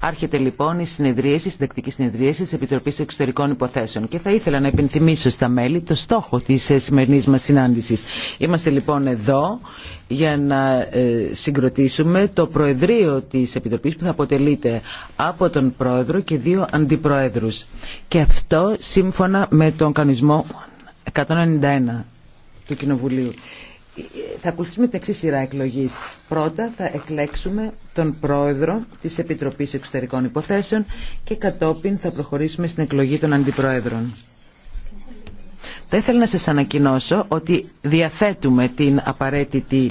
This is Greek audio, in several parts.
Άρχεται λοιπόν η συνεδρίαση, η συντακτική συνεδρίαση τη Επιτροπή Εξωτερικών Υποθέσεων. Και θα ήθελα να υπενθυμίσω στα μέλη το στόχο τη ε, σημερινή μα συνάντηση. Είμαστε λοιπόν εδώ για να ε, συγκροτήσουμε το Προεδρείο της Επιτροπής που θα αποτελείται από τον Πρόεδρο και δύο Αντιπροέδρους. Και αυτό σύμφωνα με τον κανονισμό 191 του Κοινοβουλίου θα ακολουθήσουμε την εξή σειρά εκλογής. Πρώτα θα εκλέξουμε τον πρόεδρο της Επιτροπής Εξωτερικών Υποθέσεων και κατόπιν θα προχωρήσουμε στην εκλογή των αντιπροέδρων. Θα ήθελα να σα ανακοινώσω ότι διαθέτουμε την απαραίτητη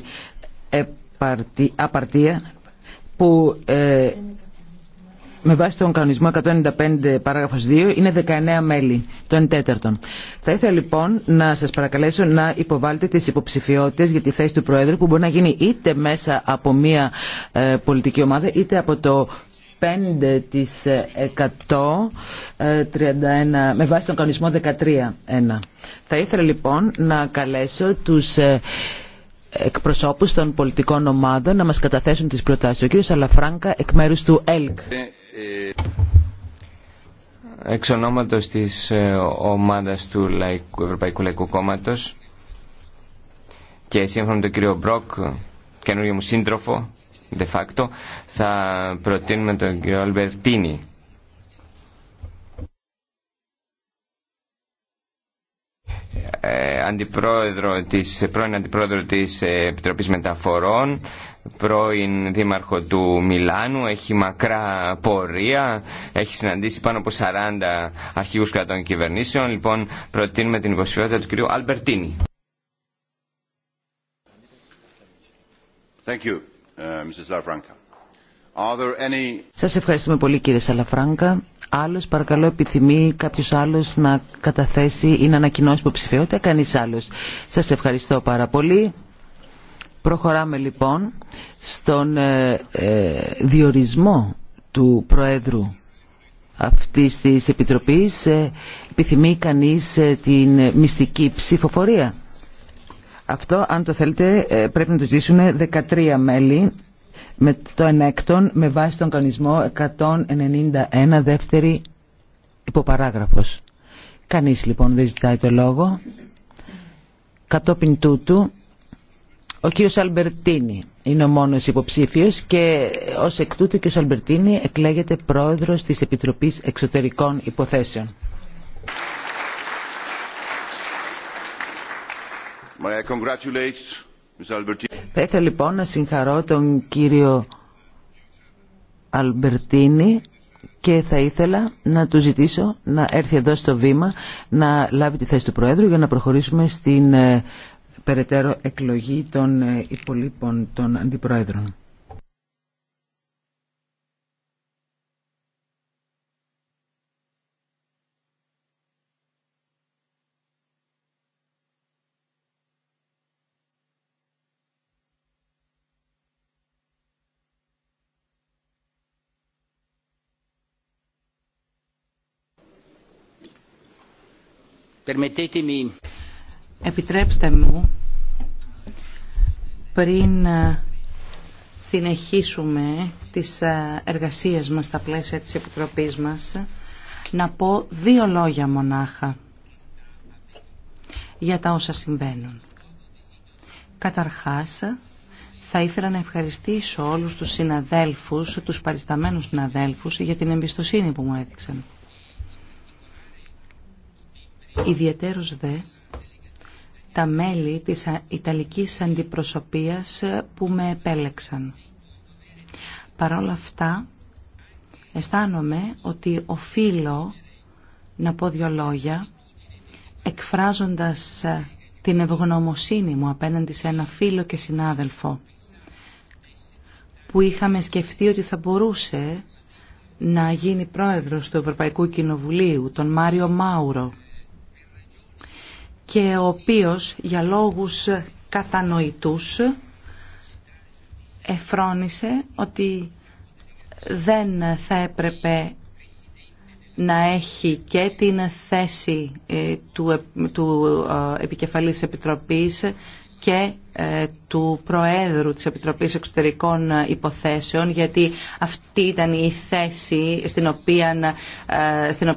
απαρτία που ε, με βάση τον κανονισμό 195 παράγραφος 2 είναι 19 μέλη των τέταρτων. Θα ήθελα λοιπόν να σας παρακαλέσω να υποβάλλετε τις υποψηφιότητες για τη θέση του Προέδρου που μπορεί να γίνει είτε μέσα από μια ε, πολιτική ομάδα είτε από το 5% 31, ε, ε, με βάση τον κανονισμό 13.1. Θα ήθελα λοιπόν να καλέσω τους εκπροσώπους των πολιτικών ομάδων να μας καταθέσουν τις προτάσεις. Ο κύριος Αλαφράγκα εκ μέρους του ΕΛΚ. Εξ ονόματος της ε, ομάδας του Λαϊκού, Ευρωπαϊκού Λαϊκού Κόμματος και σύμφωνα με τον κύριο Μπροκ, καινούργιο μου σύντροφο, de facto, θα προτείνουμε τον κύριο Αλμπερτίνη. Ε, αντιπρόεδρο της, πρώην αντιπρόεδρο της Επιτροπής Μεταφορών πρώην δήμαρχο του Μιλάνου, έχει μακρά πορεία, έχει συναντήσει πάνω από 40 αρχηγούς κρατών κυβερνήσεων. Λοιπόν, προτείνουμε την υποψηφιότητα του κυρίου Αλμπερτίνη. Thank you, uh, Are there any... Σας ευχαριστούμε πολύ κύριε Σαλαφράγκα. Άλλος παρακαλώ επιθυμεί κάποιος άλλος να καταθέσει ή να ανακοινώσει υποψηφιότητα. Κανείς άλλος. Σας ευχαριστώ πάρα πολύ. Προχωράμε λοιπόν στον ε, ε, διορισμό του Προέδρου αυτής της Επιτροπής. Ε, επιθυμεί κανείς την μυστική ψηφοφορία. Αυτό, αν το θέλετε, πρέπει να το ζήσουν 13 μέλη με το ενέκτον με βάση τον κανονισμό 191 δεύτερη υποπαράγραφος. Κανείς λοιπόν δεν ζητάει το λόγο. Κατόπιν τούτου ο κύριος Αλμπερτίνη είναι ο μόνος υποψήφιος και ως εκ τούτου ο κύριος Αλμπερτίνη εκλέγεται πρόεδρος της Επιτροπής Εξωτερικών Υποθέσεων. θα ήθελα λοιπόν να συγχαρώ τον κύριο Αλμπερτίνη και θα ήθελα να του ζητήσω να έρθει εδώ στο βήμα να λάβει τη θέση του Προέδρου για να προχωρήσουμε στην ε, περαιτέρω εκλογή των ε, υπολείπων των αντιπρόεδρων. Επιτρέψτε μου πριν ε, συνεχίσουμε τις ε, εργασίες μας στα πλαίσια της Επιτροπής μας, να πω δύο λόγια μονάχα για τα όσα συμβαίνουν. Καταρχάς, θα ήθελα να ευχαριστήσω όλους τους συναδέλφους, τους παρισταμένους συναδέλφους, για την εμπιστοσύνη που μου έδειξαν. Ιδιαίτερος δε τα μέλη της Ιταλικής Αντιπροσωπείας που με επέλεξαν. Παρόλα όλα αυτά, αισθάνομαι ότι οφείλω να πω δύο λόγια, εκφράζοντας την ευγνωμοσύνη μου απέναντι σε ένα φίλο και συνάδελφο, που είχαμε σκεφτεί ότι θα μπορούσε να γίνει πρόεδρος του Ευρωπαϊκού Κοινοβουλίου, τον Μάριο Μάουρο, και ο οποίος για λόγους κατανοητούς εφρόνησε ότι δεν θα έπρεπε να έχει και την θέση ε, του, ε, του ε, Επιτροπής και ε, του Προέδρου της Επιτροπής Εξωτερικών Υποθέσεων γιατί αυτή ήταν η θέση στην οποία,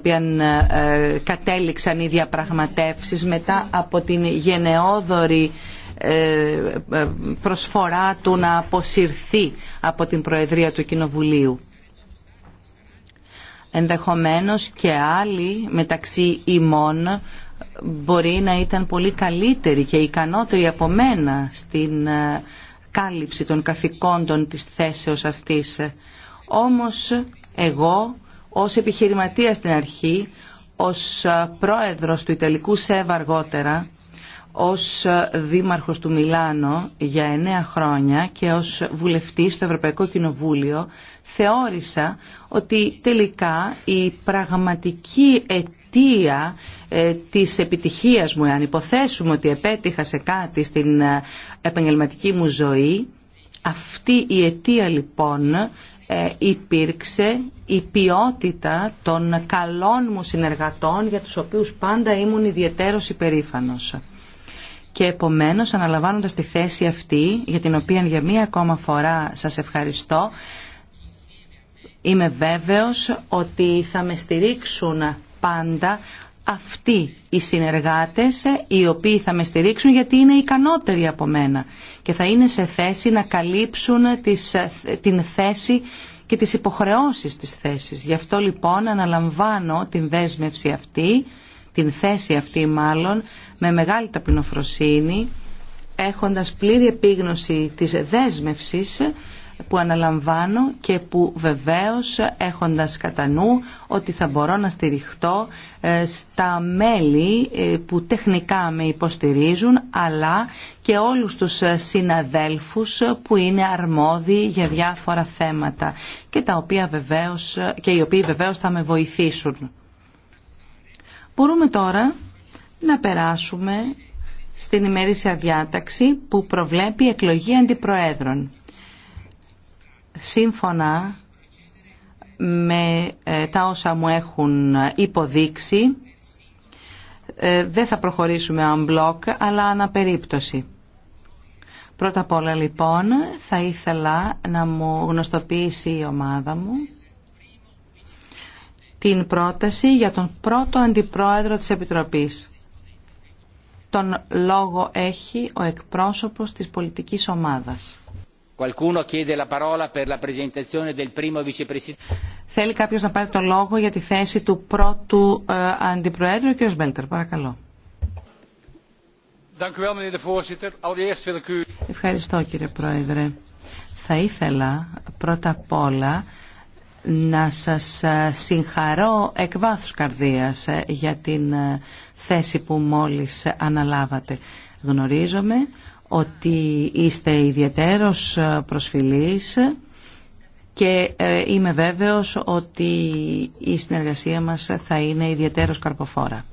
ε, ε, κατέληξαν οι διαπραγματεύσεις μετά από την γενναιόδορη προσφορά του να αποσυρθεί από την Προεδρία του Κοινοβουλίου. Ενδεχομένως και άλλοι μεταξύ ημών μπορεί να ήταν πολύ καλύτερη και ικανότερη από μένα στην ε, κάλυψη των καθηκόντων της θέσεως αυτής. Όμως εγώ ως επιχειρηματία στην αρχή, ως ε, πρόεδρος του Ιταλικού ΣΕΒ αργότερα, ως ε, δήμαρχος του Μιλάνο για εννέα χρόνια και ως βουλευτής στο Ευρωπαϊκό Κοινοβούλιο θεώρησα ότι τελικά η πραγματική αιτία ε, της επιτυχίας μου, αν υποθέσουμε ότι επέτυχα σε κάτι στην ε, επαγγελματική μου ζωή, αυτή η αιτία λοιπόν ε, υπήρξε η ποιότητα των καλών μου συνεργατών για τους οποίους πάντα ήμουν ιδιαίτερος υπερήφανος. Και επομένως αναλαμβάνοντας τη θέση αυτή, για την οποία για μία ακόμα φορά σας ευχαριστώ, είμαι βέβαιος ότι θα με στηρίξουν πάντα αυτοί οι συνεργάτες ε, οι οποίοι θα με στηρίξουν γιατί είναι ικανότεροι από μένα και θα είναι σε θέση να καλύψουν ε, την θέση και τις υποχρεώσεις της θέσης. Γι' αυτό λοιπόν αναλαμβάνω την δέσμευση αυτή, την θέση αυτή μάλλον, με μεγάλη ταπεινοφροσύνη, έχοντας πλήρη επίγνωση της δέσμευσης που αναλαμβάνω και που βεβαίως έχοντας κατά νου ότι θα μπορώ να στηριχτώ ε, στα μέλη ε, που τεχνικά με υποστηρίζουν αλλά και όλους τους ε, συναδέλφους που είναι αρμόδιοι για διάφορα θέματα και, τα οποία βεβαίως, και οι οποίοι βεβαίως θα με βοηθήσουν. Μπορούμε τώρα να περάσουμε στην ημερήσια διάταξη που προβλέπει εκλογή αντιπροέδρων σύμφωνα με ε, τα όσα μου έχουν υποδείξει ε, δεν θα προχωρήσουμε αν αλλά αναπερίπτωση. Πρώτα απ' όλα λοιπόν θα ήθελα να μου γνωστοποιήσει η ομάδα μου την πρόταση για τον πρώτο αντιπρόεδρο της Επιτροπής. Τον λόγο έχει ο εκπρόσωπος της πολιτικής ομάδας. Θέλει κάποιος να πάρει το λόγο για τη θέση του πρώτου ε, αντιπροέδρου, Κύριο Μπέλτερ, παρακαλώ. Ευχαριστώ κύριε Πρόεδρε. Θα ήθελα πρώτα απ' όλα να σας ε, συγχαρώ εκ βάθους καρδίας ε, για την θέση που μόλις αναλάβατε. Γνωρίζομαι ότι είστε ιδιαίτερος ε, προσφυλής και ε, είμαι βέβαιος ότι η συνεργασία μας θα είναι ιδιαίτερος καρποφόρα.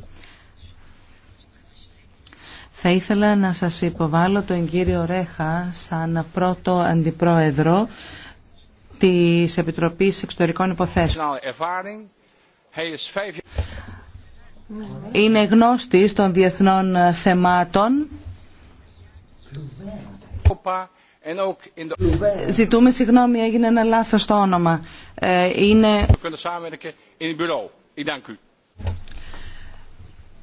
Θα ήθελα να σας υποβάλω τον κύριο Ρέχα σαν πρώτο αντιπρόεδρο της Επιτροπής Εξωτερικών Υποθέσεων. Είναι γνώστης των διεθνών θεμάτων Ζητούμε συγγνώμη, έγινε ένα λάθος το όνομα. Ε, είναι...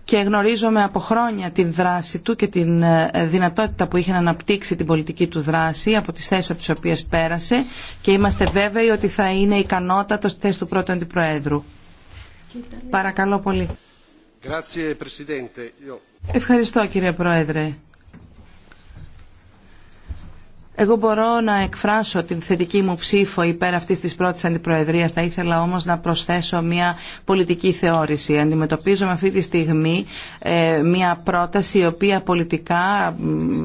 Και γνωρίζομαι από χρόνια την δράση του και την ε, δυνατότητα που είχε να αναπτύξει την πολιτική του δράση από τις θέσεις από τις οποίες πέρασε και είμαστε βέβαιοι ότι θα είναι ικανότατο στη θέση του πρώτου αντιπροέδρου. Παρακαλώ πολύ. Ευχαριστώ κύριε Πρόεδρε. Εγώ μπορώ να εκφράσω την θετική μου ψήφο υπέρ αυτής της πρώτης αντιπροεδρίας. Θα ήθελα όμως να προσθέσω μια πολιτική θεώρηση. Αντιμετωπίζουμε αυτή τη στιγμή ε, μια πρόταση η οποία πολιτικά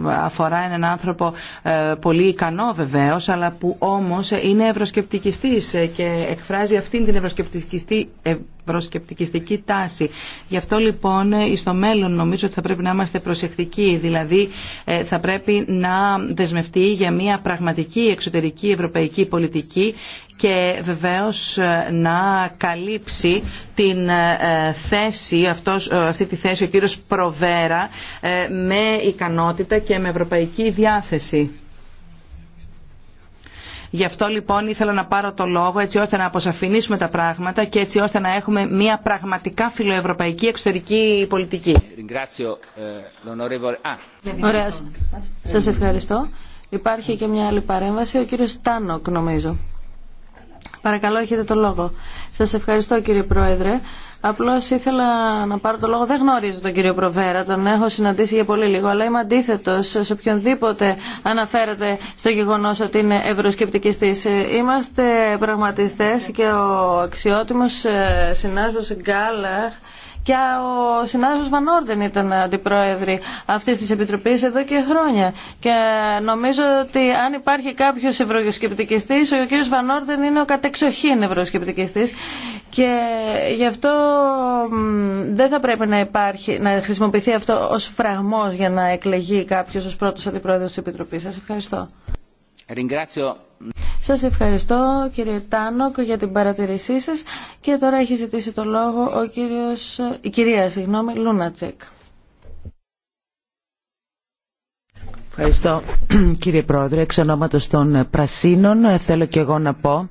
αφορά έναν άνθρωπο ε, πολύ ικανό βεβαίως, αλλά που όμως είναι ευρωσκεπτικιστής ε, και εκφράζει αυτήν την ευρωσκεπτικιστή προσκεπτικιστική τάση. Γι' αυτό λοιπόν στο μέλλον νομίζω ότι θα πρέπει να είμαστε προσεκτικοί, δηλαδή ε, θα πρέπει να δεσμευτεί για μια πραγματική εξωτερική ευρωπαϊκή πολιτική και βεβαίως ε, να καλύψει την ε, θέση, αυτός, αυτή τη θέση ο κύριος Προβέρα με ικανότητα και με ευρωπαϊκή διάθεση. Γι' αυτό λοιπόν ήθελα να πάρω το λόγο έτσι ώστε να αποσαφηνίσουμε τα πράγματα και έτσι ώστε να έχουμε μια πραγματικά φιλοευρωπαϊκή εξωτερική πολιτική. Ε, ναι, ναι, ναι. Ωραία. Σας ευχαριστώ. Υπάρχει και μια άλλη παρέμβαση. Ο κύριος Τάνοκ νομίζω. Παρακαλώ έχετε το λόγο. Σας ευχαριστώ κύριε Πρόεδρε. Απλώ ήθελα να πάρω το λόγο. Δεν γνωρίζω τον κύριο Προβέρα, τον έχω συναντήσει για πολύ λίγο, αλλά είμαι αντίθετο σε οποιονδήποτε αναφέρεται στο γεγονό ότι είναι ευρωσκεπτικιστή. Είμαστε πραγματιστές και ο αξιότιμος ε, συνάδελφο Γκάλαχ και ο συνάδελφος Βανόρντεν ήταν αντιπρόεδρη αυτή τη Επιτροπής εδώ και χρόνια. Και νομίζω ότι αν υπάρχει κάποιο ευρωσκεπτικιστής, ο κύριος Βανόρντεν είναι ο κατεξοχήν ευρωσκεπτικιστής. Και γι' αυτό δεν θα πρέπει να, υπάρχει, να χρησιμοποιηθεί αυτό ω φραγμό για να εκλεγεί κάποιος ως πρώτο αντιπρόεδρος τη Επιτροπή, σα ευχαριστώ. Σας ευχαριστώ κύριε Τάνοκ για την παρατηρήσή σας και τώρα έχει ζητήσει το λόγο ο κύριος, η κυρία συγγνώμη, Λούνατσεκ. Ευχαριστώ κύριε Πρόεδρε. Εξ ονόματος των Πρασίνων ε, θέλω και εγώ να πω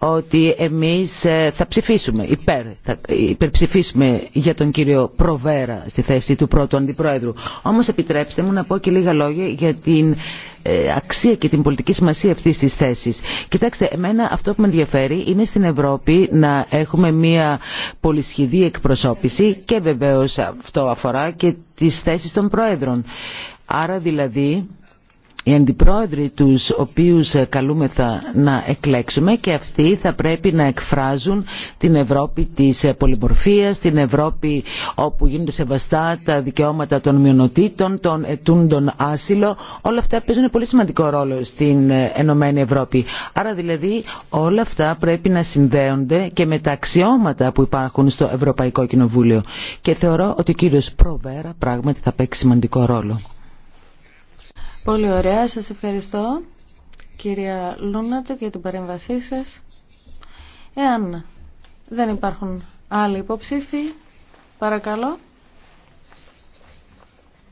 ότι εμείς ε, θα ψηφίσουμε υπέρ, θα υπερψηφίσουμε για τον κύριο Προβέρα στη θέση του πρώτου αντιπρόεδρου. Όμως επιτρέψτε μου να πω και λίγα λόγια για την ε, αξία και την πολιτική σημασία αυτή τη θέση. Κοιτάξτε, εμένα αυτό που με ενδιαφέρει είναι στην Ευρώπη να έχουμε μια πολυσχηδή εκπροσώπηση και βεβαίω αυτό αφορά και τις θέσεις των Προέδρων. Άρα δηλαδή οι αντιπρόεδροι τους οποίους ε, καλούμεθα να εκλέξουμε και αυτοί θα πρέπει να εκφράζουν την Ευρώπη της ε, πολυμορφίας, την Ευρώπη όπου γίνονται σεβαστά τα δικαιώματα των μειονοτήτων, των ετούντων άσυλο. Όλα αυτά παίζουν πολύ σημαντικό ρόλο στην ε, Ενωμένη Ευρώπη. Άρα δηλαδή όλα αυτά πρέπει να συνδέονται και με τα αξιώματα που υπάρχουν στο Ευρωπαϊκό Κοινοβούλιο. Και θεωρώ ότι ο κύριος Προβέρα πράγματι θα παίξει σημαντικό ρόλο. Πολύ ωραία. Σας ευχαριστώ, κυρία Λούνατο, για την παρέμβασή σας. Εάν δεν υπάρχουν άλλοι υποψήφοι, παρακαλώ.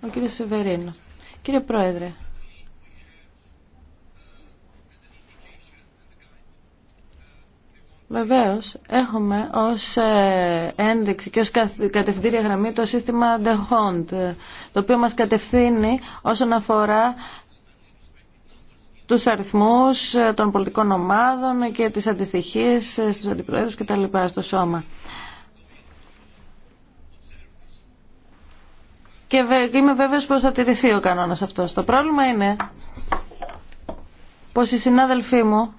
Ο κύριος Σεβερίνο. Κύριε Πρόεδρε, Βεβαίως, έχουμε ως ε, ένδειξη και ως κατευθυντήρια γραμμή το σύστημα Hunt, ε, το οποίο μας κατευθύνει όσον αφορά τους αριθμούς ε, των πολιτικών ομάδων και τις αντιστοιχίες στους αντιπρόεδρους κτλ. στο σώμα. Και είμαι βέβαιος πως θα τηρηθεί ο κανόνας αυτός. Το πρόβλημα είναι πως οι συνάδελφοί μου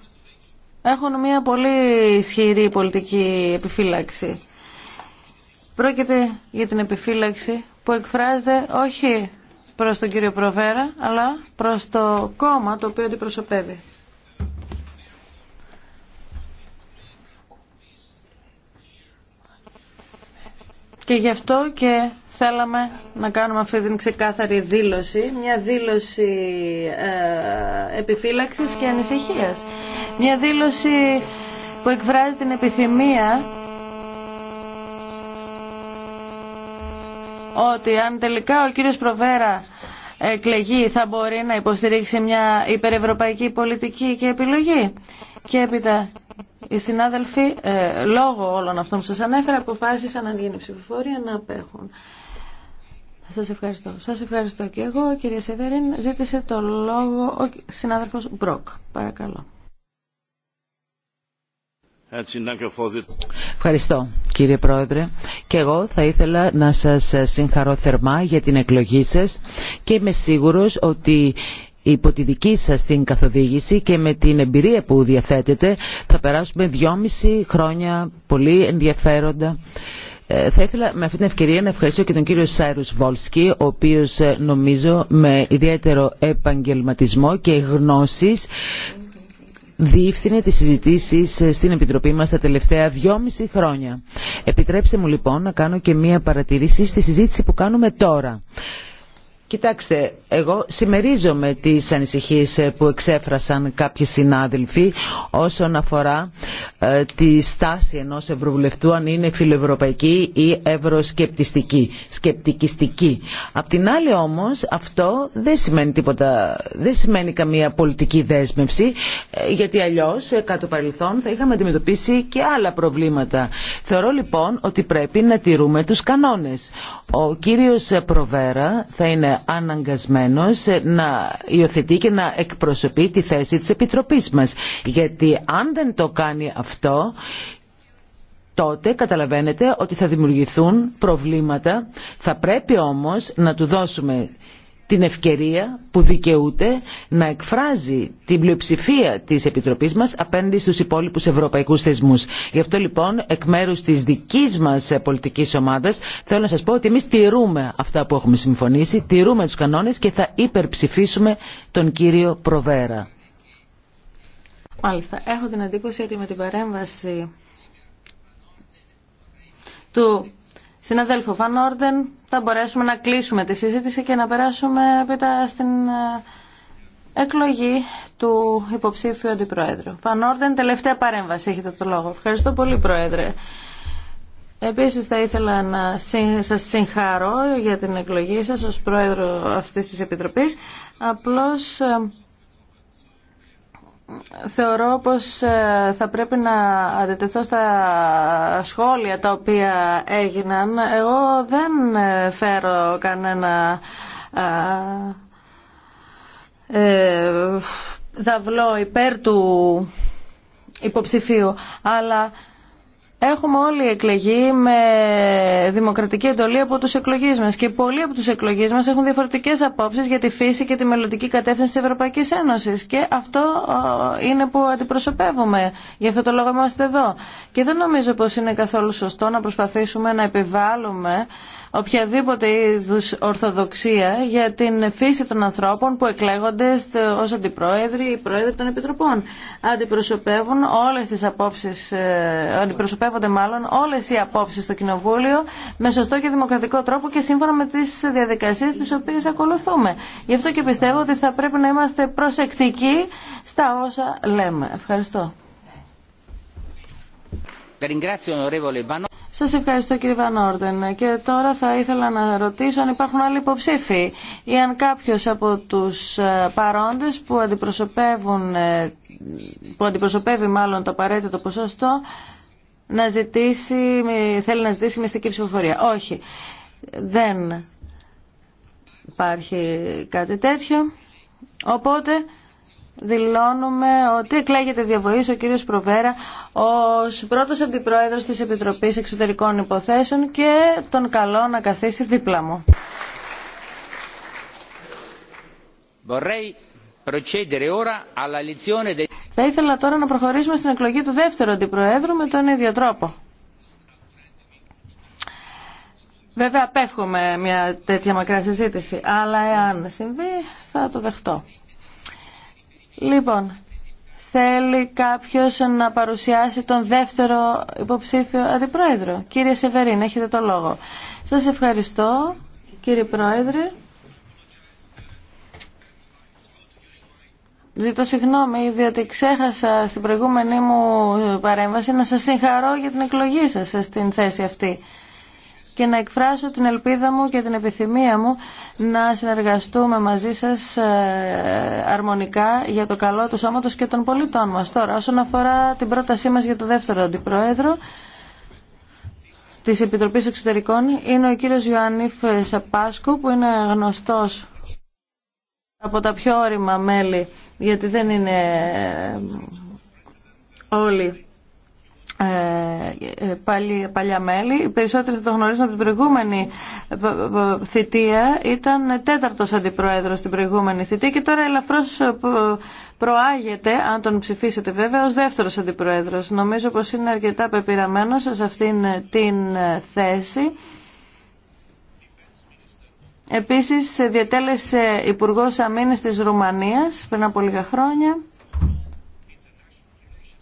έχουν μια πολύ ισχυρή πολιτική επιφύλαξη. Πρόκειται για την επιφύλαξη που εκφράζεται όχι προς τον κύριο Προβέρα, αλλά προς το κόμμα το οποίο αντιπροσωπεύει. Και γι' αυτό και Θέλαμε να κάνουμε αυτή την ξεκάθαρη δήλωση, μια δήλωση ε, επιφύλαξης και ανησυχίας. Μια δήλωση που εκφράζει την επιθυμία ότι αν τελικά ο κύριος Προβέρα εκλεγεί θα μπορεί να υποστηρίξει μια υπερευρωπαϊκή πολιτική και επιλογή. Και έπειτα οι συνάδελφοι, ε, λόγω όλων αυτών που σας ανέφερα, αποφάσισαν αν γίνει ψηφοφορία να απέχουν. Σας ευχαριστώ. Σας ευχαριστώ και εγώ, κυρία Σεβέριν. Ζήτησε το λόγο ο συνάδελφος Μπροκ. Παρακαλώ. Ευχαριστώ κύριε Πρόεδρε και εγώ θα ήθελα να σας συγχαρώ θερμά για την εκλογή σας και είμαι σίγουρος ότι υπό τη δική σας την καθοδήγηση και με την εμπειρία που διαθέτετε θα περάσουμε δυόμιση χρόνια πολύ ενδιαφέροντα ε, θα ήθελα με αυτή την ευκαιρία να ευχαριστώ και τον κύριο Σάιρους Βόλσκι, ο οποίος ε, νομίζω με ιδιαίτερο επαγγελματισμό και γνώσεις διεύθυνε τις συζητήσεις ε, στην Επιτροπή μας τα τελευταία δυόμιση χρόνια. Επιτρέψτε μου λοιπόν να κάνω και μία παρατηρήση στη συζήτηση που κάνουμε τώρα. Κοιτάξτε, εγώ συμμερίζομαι τις ανησυχίες ε, που εξέφρασαν κάποιοι συνάδελφοι όσον αφορά ε, τη στάση ενός ευρωβουλευτού αν είναι φιλοευρωπαϊκή ή ευρωσκεπτιστική, σκεπτικιστική. Απ' την άλλη όμως αυτό δεν σημαίνει τίποτα, δεν σημαίνει καμία πολιτική δέσμευση ε, γιατί αλλιώς ε, το παρελθόν θα είχαμε αντιμετωπίσει και άλλα προβλήματα. Θεωρώ λοιπόν ότι πρέπει να τηρούμε τους κανόνες. Ο κύριος Προβέρα θα είναι αναγκασμένος ε, να υιοθετεί και να εκπροσωπεί τη θέση της Επιτροπής μας. Γιατί αν δεν το κάνει αυτό, τότε καταλαβαίνετε ότι θα δημιουργηθούν προβλήματα. Θα πρέπει όμως να του δώσουμε την ευκαιρία που δικαιούται να εκφράζει την πλειοψηφία της Επιτροπής μας απέναντι στους υπόλοιπους ευρωπαϊκούς θεσμούς. Γι' αυτό λοιπόν εκ μέρους της δικής μας πολιτικής ομάδας θέλω να σας πω ότι εμείς τηρούμε αυτά που έχουμε συμφωνήσει, τηρούμε τους κανόνες και θα υπερψηφίσουμε τον κύριο Προβέρα. Μάλιστα, έχω την εντύπωση ότι με την παρέμβαση του συναδέλφου Φαν θα μπορέσουμε να κλείσουμε τη συζήτηση και να περάσουμε πίτα στην ε, εκλογή του υποψήφιου αντιπρόεδρου. Φανόρδεν, τελευταία παρέμβαση έχετε το λόγο. Ευχαριστώ πολύ, Πρόεδρε. Επίσης θα ήθελα να σας συγχαρώ για την εκλογή σας ως πρόεδρο αυτής της Επιτροπής. Απλώς ε, θεωρώ πως ε, θα πρέπει να αντιτεθώ στα σχόλια τα οποία έγιναν. Εγώ δεν ε, φέρω κανένα ε, δαυλό υπέρ του υποψηφίου, αλλά Έχουμε όλοι εκλεγεί με δημοκρατική εντολή από τους εκλογείς μας και πολλοί από τους εκλογείς μας έχουν διαφορετικές απόψεις για τη φύση και τη μελλοντική κατεύθυνση της Ευρωπαϊκής Ένωσης και αυτό είναι που αντιπροσωπεύουμε. Γι' αυτό το λόγο είμαστε εδώ. Και δεν νομίζω πως είναι καθόλου σωστό να προσπαθήσουμε να επιβάλλουμε οποιαδήποτε είδου ορθοδοξία για την φύση των ανθρώπων που εκλέγονται ω αντιπρόεδροι ή πρόεδροι των επιτροπών. Αντιπροσωπεύουν όλες τις απόψεις, ε, αντιπροσωπεύονται μάλλον όλες οι απόψεις στο Κοινοβούλιο με σωστό και δημοκρατικό τρόπο και σύμφωνα με τις διαδικασίες τις οποίες ακολουθούμε. Γι' αυτό και πιστεύω ότι θα πρέπει να είμαστε προσεκτικοί στα όσα λέμε. Ευχαριστώ. Σας ευχαριστώ κύριε Βαν και τώρα θα ήθελα να ρωτήσω αν υπάρχουν άλλοι υποψήφοι ή αν κάποιος από τους ε, παρόντες που αντιπροσωπεύουν ε, που αντιπροσωπεύει μάλλον το απαραίτητο ποσοστό να ζητήσει, θέλει να ζητήσει μυστική ψηφοφορία. Όχι, δεν υπάρχει κάτι τέτοιο. Οπότε δηλώνουμε ότι εκλέγεται διαβοή ο κύριος Προβέρα ως πρώτος αντιπρόεδρος της Επιτροπής Εξωτερικών Υποθέσεων και τον καλό να καθίσει δίπλα μου. Θα ήθελα τώρα να προχωρήσουμε στην εκλογή του δεύτερου αντιπροέδρου με τον ίδιο τρόπο. Βέβαια απέφχομαι μια τέτοια μακρά συζήτηση, αλλά εάν συμβεί θα το δεχτώ. Λοιπόν, θέλει κάποιος να παρουσιάσει τον δεύτερο υποψήφιο αντιπρόεδρο. Κύριε Σεβερίν, έχετε το λόγο. Σας ευχαριστώ, κύριε Πρόεδρε. Ζητώ συγγνώμη, διότι ξέχασα στην προηγούμενη μου παρέμβαση να σας συγχαρώ για την εκλογή σας στην θέση αυτή και να εκφράσω την ελπίδα μου και την επιθυμία μου να συνεργαστούμε μαζί σας ε, αρμονικά για το καλό του σώματος και των πολιτών μας. Τώρα, όσον αφορά την πρότασή μας για το δεύτερο αντιπρόεδρο, της Επιτροπής Εξωτερικών είναι ο κύριος Ιωάννης Σαπάσκου που είναι γνωστός από τα πιο όρημα μέλη γιατί δεν είναι ε, όλοι ε, ε, παλιά, παλιά μέλη. Οι περισσότεροι θα το γνωρίζουν από την προηγούμενη ε, θητεία. Ήταν τέταρτος αντιπρόεδρος στην προηγούμενη θητεία και τώρα ελαφρώς προάγεται, αν τον ψηφίσετε βέβαια, ως δεύτερος αντιπρόεδρος. Νομίζω πως είναι αρκετά πεπειραμένος σε αυτήν την θέση. Επίσης διατέλεσε Υπουργός Αμήνης της Ρουμανίας πριν από λίγα χρόνια.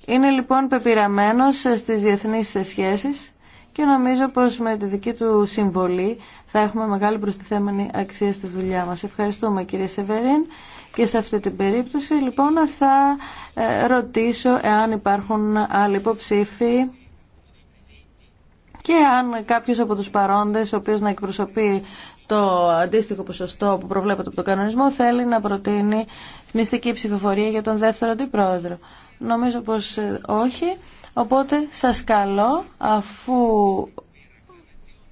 Είναι λοιπόν πεπειραμένος στις διεθνείς σχέσεις και νομίζω πως με τη δική του συμβολή θα έχουμε μεγάλη προστιθέμενη αξία στη δουλειά μας. Ευχαριστούμε κύριε Σεβερίν και σε αυτή την περίπτωση λοιπόν θα ε, ρωτήσω εάν υπάρχουν άλλοι υποψήφοι και αν κάποιος από τους παρόντες, ο οποίος να εκπροσωπεί το αντίστοιχο ποσοστό που προβλέπεται από τον κανονισμό, θέλει να προτείνει μυστική ψηφοφορία για τον δεύτερο αντιπρόεδρο. Νομίζω πως ε, όχι. Οπότε σας καλώ αφού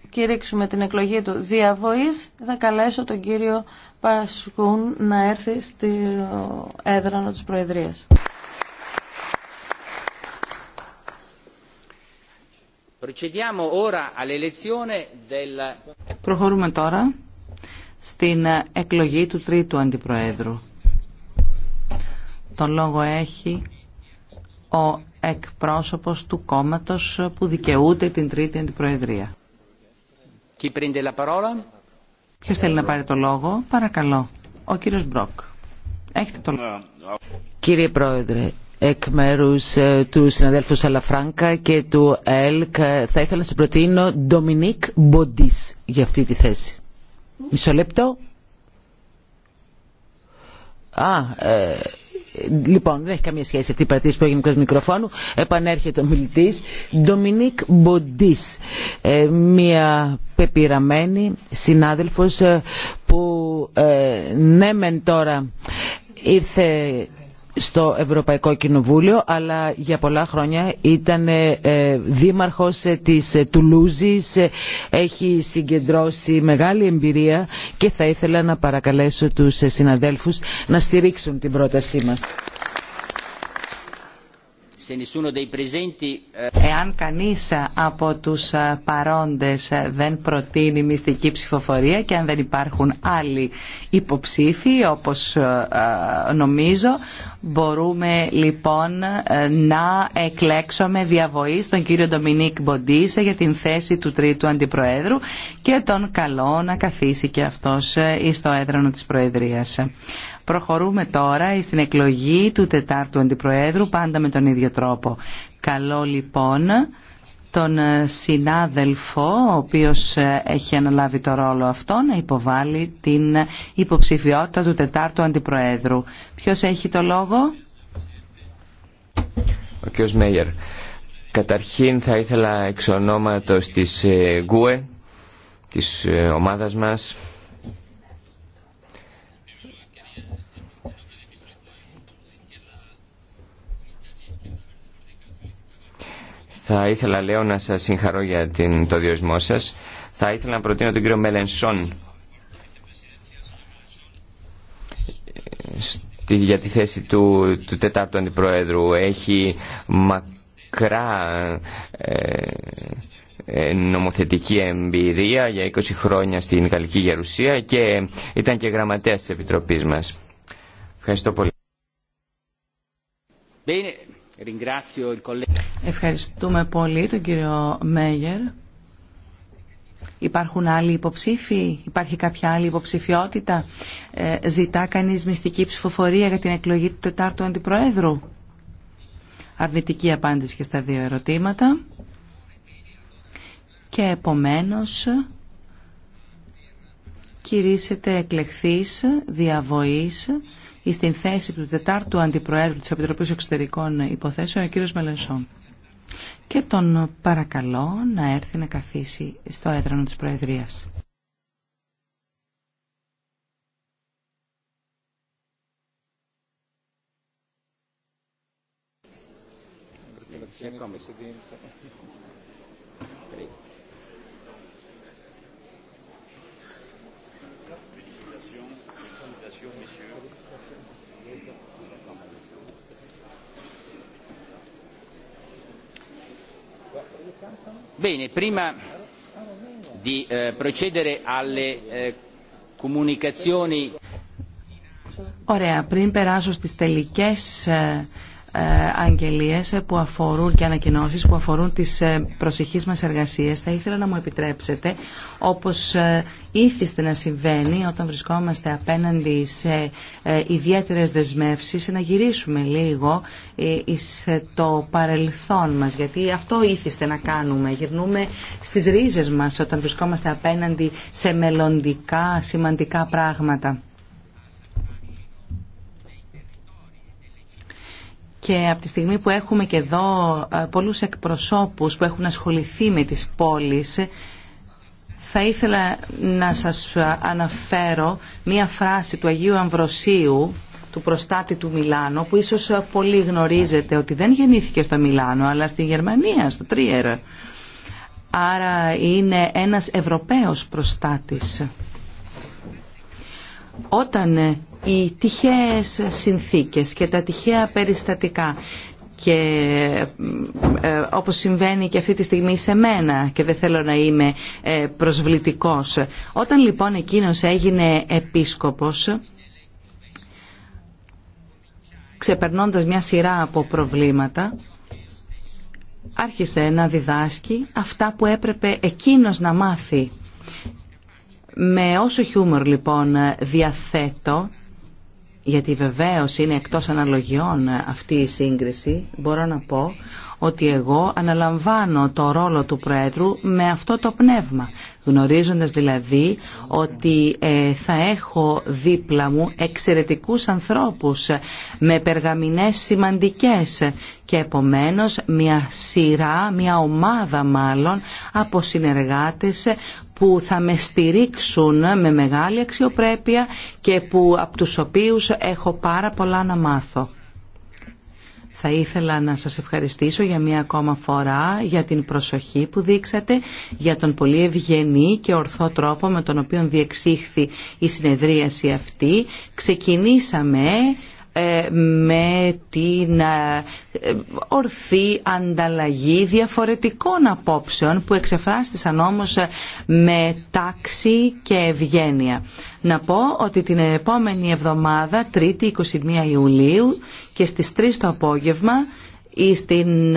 κηρύξουμε την εκλογή του διαβοής θα καλέσω τον κύριο Πασκούν να έρθει στο έδρανο της Προεδρίας. Προχωρούμε τώρα στην ε, εκλογή του τρίτου αντιπροέδρου. Τον λόγο έχει ο εκπρόσωπος του κόμματος που δικαιούται την τρίτη αντιπροεδρία. Ποιος θέλει να πάρει το λόγο, παρακαλώ. Ο κύριος Μπροκ. Έχετε το λόγο. Κύριε Πρόεδρε, εκ μέρου ε, του συναδέλφου Σαλαφράγκα και του ΕΛΚ ε, θα ήθελα να σας προτείνω Ντομινίκ Μποντής για αυτή τη θέση. Μισό λεπτό. Α, ε, Λοιπόν, δεν έχει καμία σχέση αυτή η παρατήρηση που έγινε εκτό μικροφόνου. Επανέρχεται ο μιλητή. Ντομινίκ Μποντή. Ε, Μια πεπειραμένη συνάδελφο ε, που ε, ναι μεν τώρα ήρθε στο Ευρωπαϊκό Κοινοβούλιο αλλά για πολλά χρόνια ήταν ε, ε, δήμαρχος ε, της Τουλούζης έχει συγκεντρώσει μεγάλη εμπειρία και θα ήθελα να παρακαλέσω τους συναδέλφους να στηρίξουν την πρότασή μας. Eh, Εάν κανείς από τους ε, παρόντες ε, δεν προτείνει μυστική ψηφοφορία και αν δεν υπάρχουν άλλοι υποψήφοι όπως ε, νομίζω μπορούμε λοιπόν να εκλέξουμε διαβοή στον κύριο Ντομινίκ Μποντίσε για την θέση του τρίτου αντιπροέδρου και τον καλό να καθίσει και αυτός στο έδρανο της Προεδρίας. Προχωρούμε τώρα στην εκλογή του τετάρτου αντιπροέδρου πάντα με τον ίδιο τρόπο. Καλό λοιπόν τον ε, συνάδελφο ο οποίος ε, έχει αναλάβει το ρόλο αυτό να υποβάλει την υποψηφιότητα του τετάρτου αντιπροέδρου. Ποιος έχει το λόγο? Ο κ. Μέγερ. Καταρχήν θα ήθελα εξ ονόματος της ε, ΓΚΟΕ, της ομάδας μας, Θα ήθελα, λέω, να σας συγχαρώ για την, το διορισμό σας. Θα ήθελα να προτείνω τον κύριο Μελενσόν στη, για τη θέση του, του τετάρτου αντιπρόεδρου. Έχει μακρά ε, ε, νομοθετική εμπειρία για 20 χρόνια στην Γαλλική Γερουσία και ήταν και γραμματέας της Επιτροπής μας. Ευχαριστώ πολύ. Ευχαριστούμε πολύ τον κύριο Μέγερ. Υπάρχουν άλλοι υποψήφοι, υπάρχει κάποια άλλη υποψηφιότητα. Ε, ζητά κανείς μυστική ψηφοφορία για την εκλογή του τετάρτου αντιπροέδρου. Αρνητική απάντηση και στα δύο ερωτήματα. Και επομένως κηρύσσεται εκλεχθής διαβοής στην θέση του τετάρτου αντιπροέδρου της Επιτροπής Εξωτερικών Υποθέσεων, ο κύριος Μελενσόν και τον παρακαλώ να έρθει να καθίσει στο έδρανο της Προεδρίας. Bene, prima di procedere alle comunicazioni Ωραία, πριν περάσω στις ε, αγγελίες που αφορούν και ανακοινώσεις που αφορούν τις ε, προσεχείς μας εργασίες. Θα ήθελα να μου επιτρέψετε, όπως ε, ήθιστε να συμβαίνει όταν βρισκόμαστε απέναντι σε ιδιαίτερες δεσμεύσεις, να γυρίσουμε λίγο σε το παρελθόν μας, γιατί αυτό ήθιστε να κάνουμε. Γυρνούμε στις ρίζες μας όταν βρισκόμαστε απέναντι σε μελλοντικά σημαντικά πράγματα. Και από τη στιγμή που έχουμε και εδώ ε, πολλούς εκπροσώπους που έχουν ασχοληθεί με τις πόλεις, θα ήθελα να σας ε, αναφέρω μία φράση του Αγίου Αμβροσίου, του προστάτη του Μιλάνο, που ίσως ε, πολλοί γνωρίζετε ότι δεν γεννήθηκε στο Μιλάνο, αλλά στη Γερμανία, στο Τρίερ. Άρα είναι ένας Ευρωπαίος προστάτης. Όταν οι τυχαίες συνθήκες και τα τυχαία περιστατικά και ε, όπως συμβαίνει και αυτή τη στιγμή σε μένα και δεν θέλω να είμαι ε, προσβλητικός. Όταν λοιπόν εκείνος έγινε επίσκοπος, ξεπερνώντας μια σειρά από προβλήματα, άρχισε να διδάσκει αυτά που έπρεπε εκείνος να μάθει. Με όσο χιούμορ λοιπόν διαθέτω, γιατί βεβαίως είναι εκτός αναλογιών αυτή η σύγκριση, μπορώ να πω ότι εγώ αναλαμβάνω το ρόλο του Προέδρου με αυτό το πνεύμα, γνωρίζοντας δηλαδή ότι ε, θα έχω δίπλα μου εξαιρετικούς ανθρώπους με περγαμινές σημαντικές και επομένως μια σειρά, μια ομάδα μάλλον από συνεργάτες που θα με στηρίξουν με μεγάλη αξιοπρέπεια και που, από τους οποίους έχω πάρα πολλά να μάθω. Θα ήθελα να σας ευχαριστήσω για μία ακόμα φορά για την προσοχή που δείξατε, για τον πολύ ευγενή και ορθό τρόπο με τον οποίο διεξήχθη η συνεδρίαση αυτή. Ξεκινήσαμε ε, με την ε, ορθή ανταλλαγή διαφορετικών απόψεων που εξεφράστησαν όμως ε, με τάξη και ευγένεια. Να πω ότι την επόμενη εβδομάδα, 3η 21 Ιουλίου και στις 3 το απόγευμα ή στην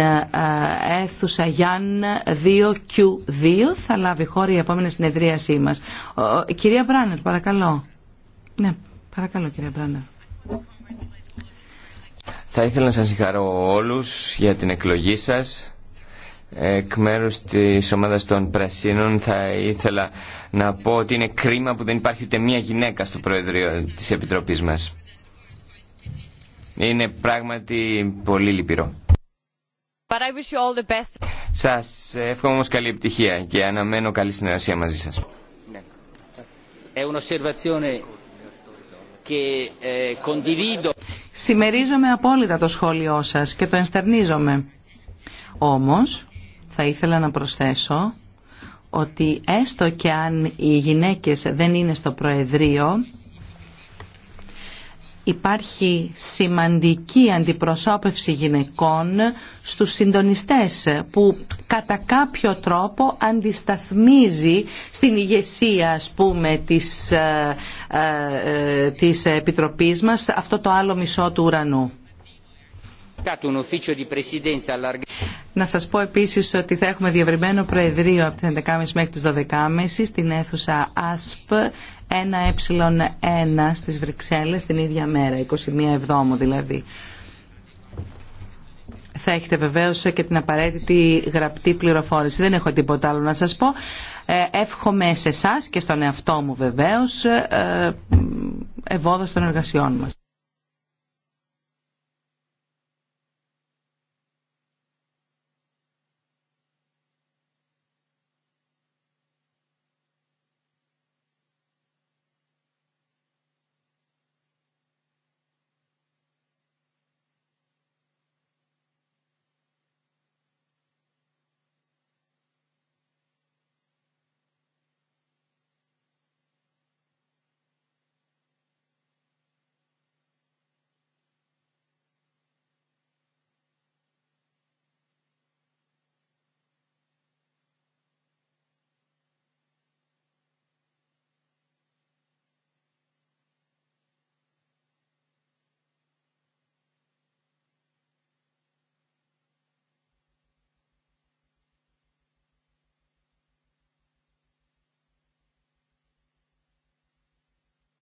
αίθουσα Γιάν 2Q2 θα λάβει χώρα η επόμενη συνεδρίασή μας. Κυρία Μπράνερ, παρακαλώ. Ναι, παρακαλώ κυρία Μπράνερ. Θα ήθελα να σας συγχαρώ όλους για την εκλογή σας. Εκ μέρους της ομάδας των Πρασίνων θα ήθελα να πω ότι είναι κρίμα που δεν υπάρχει ούτε μία γυναίκα στο Προεδρείο της Επιτροπής μας. Είναι πράγματι πολύ λυπηρό. Σας εύχομαι όμως καλή επιτυχία και αναμένω καλή συνεργασία μαζί σας και ε, Συμμερίζομαι απόλυτα το σχόλιο σας και το ενστερνίζομαι. Όμως, θα ήθελα να προσθέσω ότι έστω και αν οι γυναίκες δεν είναι στο Προεδρείο, υπάρχει σημαντική αντιπροσώπευση γυναικών στους συντονιστές που κατά κάποιο τρόπο αντισταθμίζει στην ηγεσία ας πούμε της, ε, ε, της Επιτροπής μας αυτό το άλλο μισό του ουρανού. Να σας πω επίσης ότι θα έχουμε διευρυμένο προεδρείο από τις 11.30 μέχρι τις 12.30 στην αίθουσα ΑΣΠ 1Ε1 στις Βρυξέλλες την ίδια μέρα, 21 Εβδόμου δηλαδή. Θα έχετε βεβαίως και την απαραίτητη γραπτή πληροφόρηση. Δεν έχω τίποτα άλλο να σας πω. Ε, εύχομαι σε εσά και στον εαυτό μου βεβαίως ε, ε, ευόδος των εργασιών μας.